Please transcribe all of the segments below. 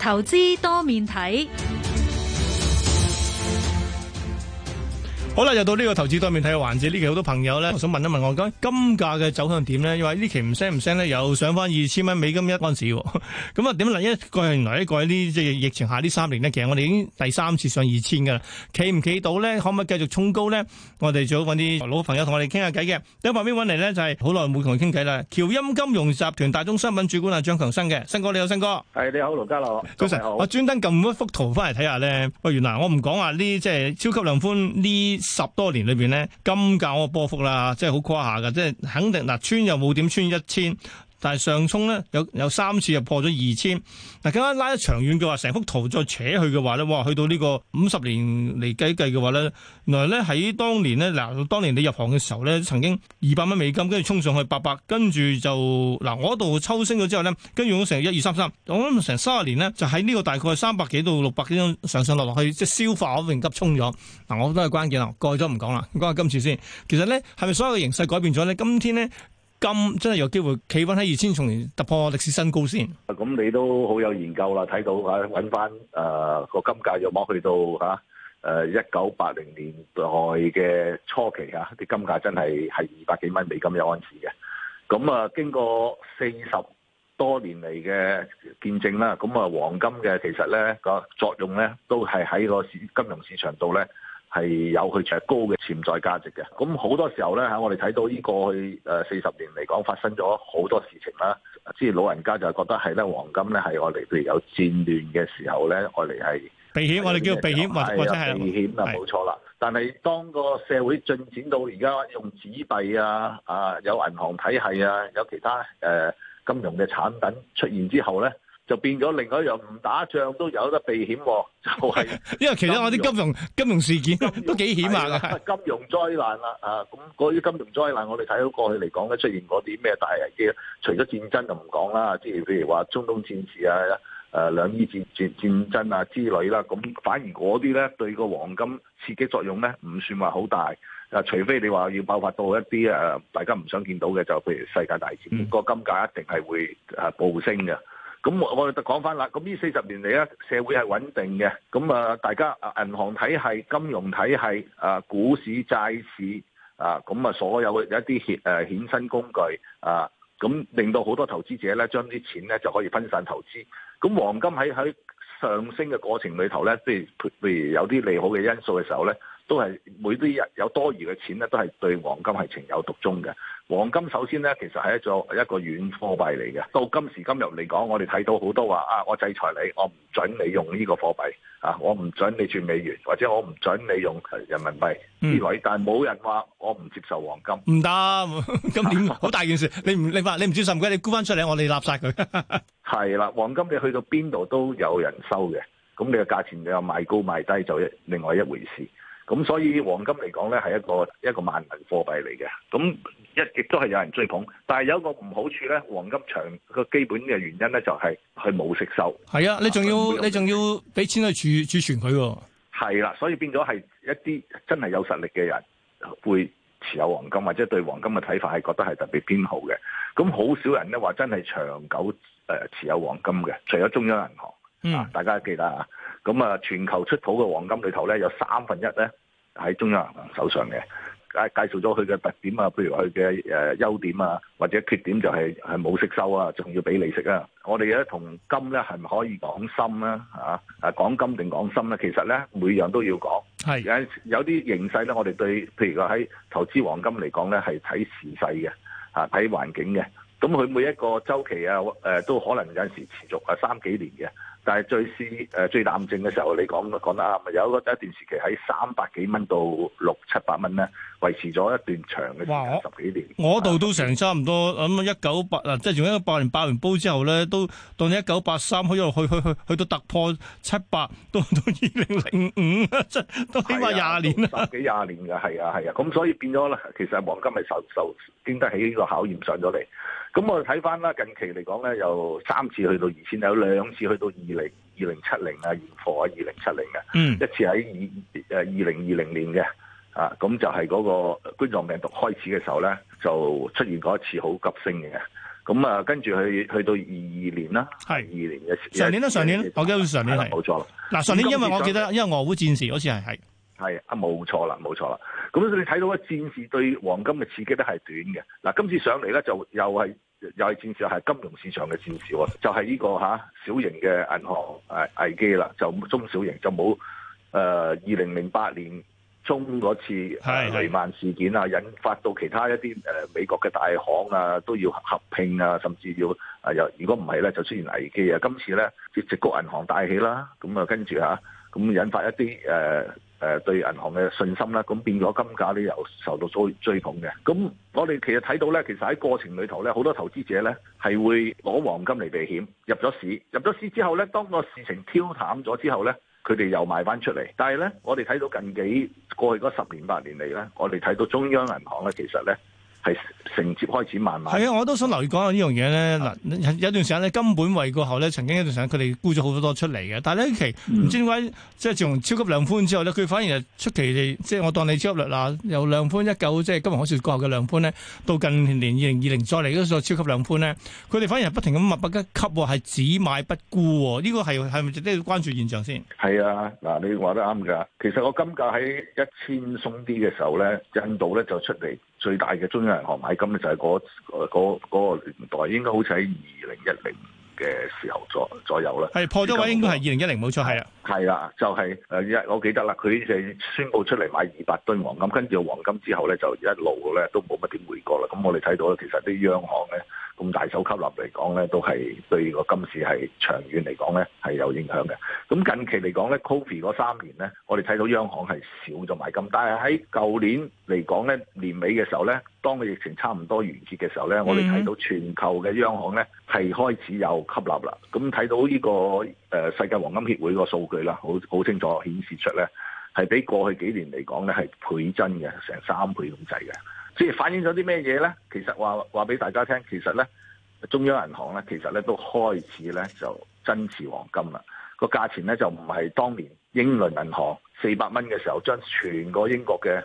投資多面睇。好啦，又到呢個投資多面睇嘅環節，呢期好多朋友咧，想問一問我，講金價嘅走向點咧？因為期不發不發呢期唔升唔升咧，又上翻二千蚊美金一安士，咁啊點咧？一個原來一喺呢，即疫情下呢三年咧，其實我哋已經第三次上二千噶啦，企唔企到咧？可唔可以繼續衝高咧？我哋最好揾啲老朋友同我哋傾下偈嘅，喺旁邊揾嚟咧就係好耐冇同佢傾偈啦。僑鑫金融集團大宗商品主管係張強生嘅，新哥，你好，新哥、哎、你好，新哥係你好，家樂早晨好。我專登撳一幅圖翻嚟睇下咧，喂，原來我唔講話呢，即係超級量寬呢。十多年裏面呢，金價嘅波幅啦，即係好誇下㗎。即係肯定嗱，穿又冇點穿一千。但係上沖咧，有，有三次就破咗二千。嗱，更加拉得長遠嘅話，成幅圖再扯去嘅話咧，哇，去到呢個五十年嚟計計嘅話咧，原來咧喺當年咧，嗱，當年你入行嘅時候咧，曾經二百蚊美金跟住沖上去八百，跟住就嗱我度抽升咗之後咧，跟住用咗成一二三三，我諗成三十年咧，就喺呢個大概三百幾到六百幾張上上落落去，即係消化嗰份急沖咗。嗱，我都係關鍵啦，過咗唔講啦，講下今次先。其實咧，係咪所有嘅形勢改變咗咧？今天咧？金真係有機會企穩喺二千，重突破歷史新高先。咁你都好有研究啦，睇到啊，揾翻誒個金價又摸去到嚇誒一九八零年代嘅初期嚇，啲、啊、金價真係係二百幾蚊美金嘅盎司嘅。咁啊，經過四十多年嚟嘅見證啦，咁啊，黃金嘅其實咧個作用咧都係喺個金融市場度咧。係有佢著高嘅潛在價值嘅，咁好多時候咧吓，我哋睇到呢過去誒四十年嚟講發生咗好多事情啦，即係老人家就覺得係咧黃金咧係我哋譬如有戰亂嘅時候咧，我哋係避險，我哋叫避險或是或者係避險啊，冇是錯啦。但係當個社會進展到而家用紙幣啊啊有銀行體系啊，有其他、啊、金融嘅產品出現之後咧。就變咗另外一樣，唔打仗都有得避險，啊，就係、是、因為其實我啲金融金融事件都幾險啊，金！金融災難啦，啊，咁嗰啲金融災難，我哋睇到過去嚟講咧，出現嗰啲咩大危機，除咗戰爭就唔講啦，即係譬如話中東戰事啊、兩伊戰戰戰爭啊之類啦，咁反而嗰啲咧對個黃金刺激作用咧，唔算話好大。啊，除非你話要爆發到一啲誒大家唔想見到嘅，就譬如世界大戰，嗯、個金價一定係會暴升嘅。咁我我哋講翻啦，咁呢四十年嚟咧，社會係穩定嘅，咁啊，大家銀行體系、金融體系、啊股市、債市啊，咁啊，所有嘅一啲誒衍生工具啊，咁令到好多投資者咧，將啲錢咧就可以分散投資，咁黃金喺喺上升嘅過程裏頭咧，即係譬如有啲利好嘅因素嘅時候咧，都係每啲日有多餘嘅錢咧，都係對黃金係情有獨鍾嘅。黃金首先咧，其實係一個一個軟貨幣嚟嘅。到今時今日嚟講，我哋睇到好多話啊，我制裁你，我唔准你用呢個貨幣啊，我唔准你轉美元，或者我唔准你用人民幣之類。嗯、但係冇人話我唔接受黃金，唔得，咁點好，大件事。你唔你話你唔接受唔該，你沽翻出嚟，我哋納晒佢。 係啦，黃金你去到邊度都有人收嘅，咁你嘅價錢有賣高賣低就另外一回事。咁所以黃金嚟講呢，係一個一個萬能貨幣嚟嘅，咁亦都係有人追捧。但係有一個唔好處呢，黃金長個基本嘅原因呢，就係佢冇息收。係啊，你仲要你仲要俾錢去儲儲存佢喎。係啦，所以變咗係一啲真係有實力嘅人會持有黃金，或者對黃金嘅睇法係覺得係特別偏好嘅。咁好少人呢，話真係長久。誒，持有黃金嘅，除咗中央銀行，嗯、大家記得啊，咁啊，全球出土嘅黃金裏頭咧，有三分一咧喺中央銀行手上嘅。介介紹咗佢嘅特點啊，譬如佢嘅誒優點啊，或者缺點就係係冇息收啊，仲要俾利息啊。我哋咧同金咧係咪可以講心啊？講金定講心咧？其實咧每樣都要講，是有有啲形勢咧，我哋對譬如話喺投資黃金嚟講咧，係睇時勢嘅，啊睇環境嘅。咁佢每一個周期啊，誒、呃、都可能有陣時持續啊三幾年嘅。但係最巿誒、呃、最冷靜嘅時候，你講講得啱，咪有一一段時期喺三百幾蚊到六七百蚊咧，維持咗一段長嘅時間哇十幾年。我度都成差唔多，咁一九八即係一喺八年爆完煲之後咧，都當一九八三，喺度去去去去到突破七百，到到二零零五，即係都起碼廿年，年，十幾廿年嘅，係啊係啊。咁所以變咗咧，其實黃金係受受經得起呢個考驗上咗嚟。咁我哋睇翻啦，近期嚟講咧，有三次去到二千，有兩次去到二零二零七零啊，現貨啊二零七零嘅，一次喺二二零二零年嘅，啊，咁就係嗰個冠狀病毒開始嘅時候咧，就出現過一次好急升嘅，咁啊，跟住去去到二是二年啦，二年嘅上年呢？上年起我記得上年係冇錯啦。嗱上年因為我記得，因為俄烏戰事好似係係啊，冇錯啦，冇錯啦。咁你睇到嘅戰事對黃金嘅刺激都係短嘅。嗱，今次上嚟咧就又係又係戰事，係金融市場嘅戰事喎，就係、是、呢個嚇小型嘅銀行危危機啦，就中小型就冇誒二零零八年中嗰次雷曼事件啊，引發到其他一啲美國嘅大行啊都要合併啊，甚至要又如果唔係咧就出現危機啊。今次咧，矽谷銀行大起啦，咁啊跟住下，咁引發一啲誒。呃誒對銀行嘅信心啦，咁變咗金價咧又受到追追捧嘅。咁我哋其實睇到咧，其實喺過程裏頭咧，好多投資者咧係會攞黃金嚟避險，入咗市，入咗市之後咧，當個事情挑淡咗之後咧，佢哋又賣翻出嚟。但係咧，我哋睇到近幾過去嗰十年八年嚟咧，我哋睇到中央銀行咧，其實咧。係承接開始慢慢係啊！我都想留意講下呢樣嘢咧。嗱、啊，有段時間咧，金本位過後咧，曾經一段時間佢哋沽咗好多出嚟嘅。但係呢期唔知點解，嗯、即係從超級量寬之後咧，佢反而出奇地，即係我當你超級率嗱，由量寬一九即係金融海嘯過後嘅量寬咧，到近年二零二零再嚟嗰個超級量寬咧，佢哋反而係不停咁密密一吸，係只買不沽。呢個係係咪值得關注現象先？係啊！嗱，你話得啱㗎。其實我金價喺一千鬆啲嘅時候咧，印度咧就出嚟。最大嘅中央銀行買金咧就係嗰嗰嗰個年代，應該好似喺二零一零嘅時候左左右啦。係破咗位，應該係二零一零冇錯，係啊。係啦，就係誒一，我記得啦，佢就宣布出嚟買二百噸黃金，跟住黃金之後咧就一路咧都冇乜點回過啦。咁我哋睇到咧，其實啲央行咧。咁大手吸納嚟講咧，都係對個金市係長遠嚟講咧係有影響嘅。咁近期嚟講咧，COVID 嗰三年咧，我哋睇到央行係少咗買金，但係喺舊年嚟講咧，年尾嘅時候咧，當個疫情差唔多完結嘅時候咧，我哋睇到全球嘅央行咧係開始有吸納啦。咁睇到呢個世界黃金協會個數據啦，好好清楚顯示出咧係比過去幾年嚟講咧係倍增嘅，成三倍咁滯嘅。即係反映咗啲咩嘢咧？其實話話俾大家聽，其實咧中央銀行咧，其實咧都開始咧就增持黃金啦。個價錢咧就唔係當年英倫銀行四百蚊嘅時候，將全個英國嘅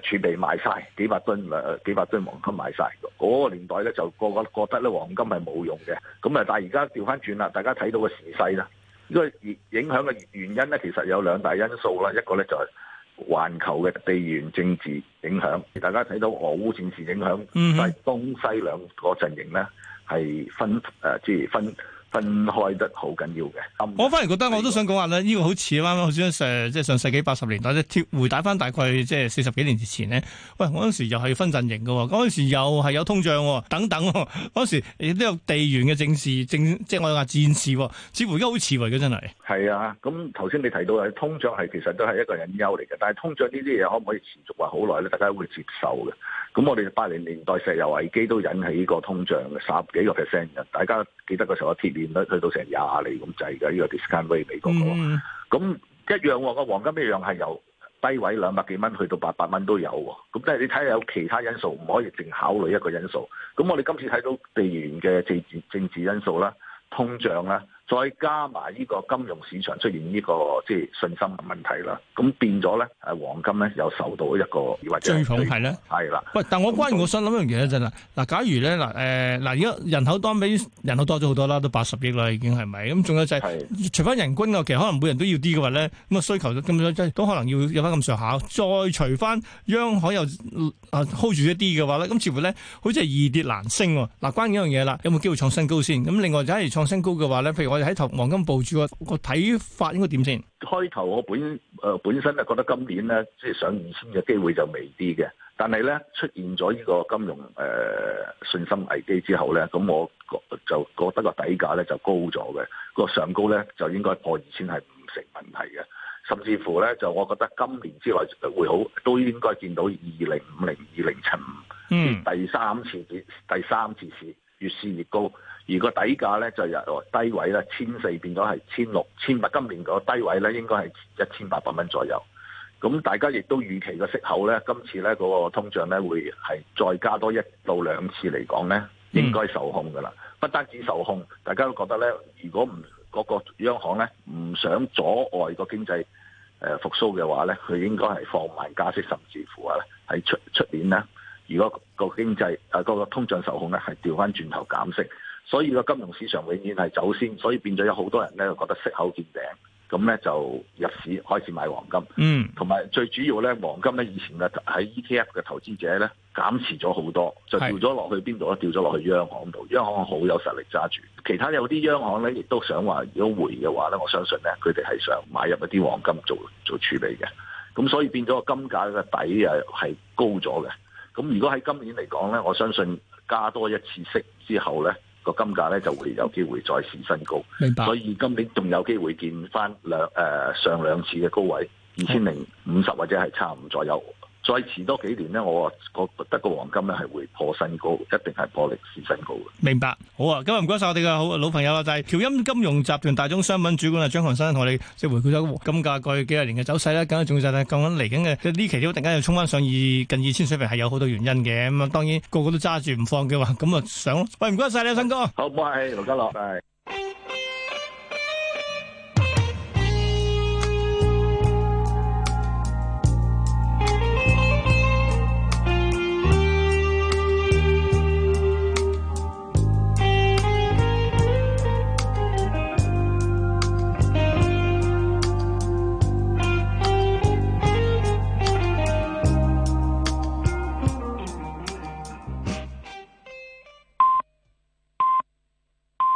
誒儲備賣晒，幾百噸誒幾百噸黃金賣晒。嗰個年代咧就個個覺得咧黃金係冇用嘅。咁啊，但係而家調翻轉啦，大家睇到個時勢啦。呢個影響嘅原因咧，其實有兩大因素啦。一個咧就係。環球嘅地緣政治影響，大家睇到俄烏戰事影響，響，但係、mm hmm. 東西兩個陣營咧係分，誒、呃，即係分。分開得好緊要嘅，嗯、我反而覺得我都想講話咧，呢、呢個好似啱啱好似上即係上世紀八十年代即咧，回帶翻大概即係四十幾年之前咧。喂，嗰陣時又係分陣營嘅，嗰陣時又係有通脹等等。嗰陣時亦都有地緣嘅政事，政即係我話戰事，似乎而家好似為嘅真係。係啊，咁頭先你提到係通脹係其實都係一個隱憂嚟嘅，但係通脹呢啲嘢可唔可以持續話好耐咧？大家會接受嘅。咁我哋八零年代石油危機都引起呢個通脹嘅十幾個 percent 嘅，大家記得嗰時候有去到成廿厘咁滯嘅，呢個 discount rate 美國 e 嚟咁一樣喎。個黃金一樣係由低位兩百幾蚊去到八百蚊都有喎。咁即係你睇下有其他因素，唔可以淨考慮一個因素。咁我哋今次睇到地緣嘅政治政治因素啦，通脹啦。再加埋呢個金融市場出現呢個即係信心嘅問題啦，咁變咗咧，誒黃金咧又受到一個，或者係咧係啦。唔了但我關於我想諗一樣嘢咧，真啦嗱，假如咧嗱誒嗱而家人口當比人口多咗好多啦，都八十億啦已經係咪？咁仲有就係、是、是除翻人均嘅，其實可能每人都要啲嘅話咧，咁啊需求咁多，即係都可能要有翻咁上下。再除翻央，央行又啊 hold 住一啲嘅話咧，咁似乎咧好似係易跌難升。嗱，關於呢樣嘢啦，有冇機會創新高先？咁另外就係創新高嘅話咧，譬如我哋喺投黃金部署，個睇法應該點先？開頭我本誒、呃、本身咧覺得今年咧即係上二千嘅機會就微啲嘅，但係咧出現咗呢個金融誒、呃、信心危機之後咧，咁我就,就覺得個底價咧就高咗嘅，個上高咧就應該破二千係唔成問題嘅，甚至乎咧就我覺得今年之內會好，都應該見到二零五零、二零七五，嗯，第三次試、第三次試越試越高。而個底價咧就由、是、低位啦，千四變咗係千六、千八。今年個低位咧應該係一千八百蚊左右。咁大家亦都預期個息口咧，今次咧個、那個通脹咧會係再加多一到兩次嚟講咧，應該受控噶啦。不單止受控，大家都覺得咧，如果唔嗰、那個央行咧唔想阻礙個經濟誒、呃、復甦嘅話咧，佢應該係放慢加息，甚至乎啊喺出出年咧，如果個經濟啊嗰、呃那個通脹受控咧，係調翻轉頭減息。所以個金融市場永遠係走先，所以變咗有好多人咧，覺得息口見頂，咁咧就入市開始買黃金。嗯，同埋最主要咧，黃金咧以前咧喺 ETF 嘅投資者咧減持咗好多，就掉咗落去邊度咧？掉咗落去央行度，央行好有實力揸住。其他有啲央行咧，亦都想話如果回嘅話咧，我相信咧佢哋係想買入一啲黃金做做儲備嘅。咁所以變咗個金價嘅底係係高咗嘅。咁如果喺今年嚟講咧，我相信加多一次息之後咧。個金價咧就會有機會再試新高，明白所以今年仲有機會見翻兩誒上兩、呃、上兩次嘅高位二千零五十或者係差唔多左右。再遲多幾年咧，我覺得個黃金咧係會破新高，一定係破歷史新高。明白，好啊！今日唔該晒我哋嘅好老朋友啦，就係、是、僑鑫金融集團大宗商品主管啊張強生同我哋即係回顧咗金價過去幾十年嘅走勢啦。咁啊重要就係講緊嚟緊嘅呢期都突然間又衝翻上二近二千水平，係有好多原因嘅。咁啊，當然個個都揸住唔放嘅話，咁啊上喂，唔該晒你啊，新哥，好拜，劉家樂，拜。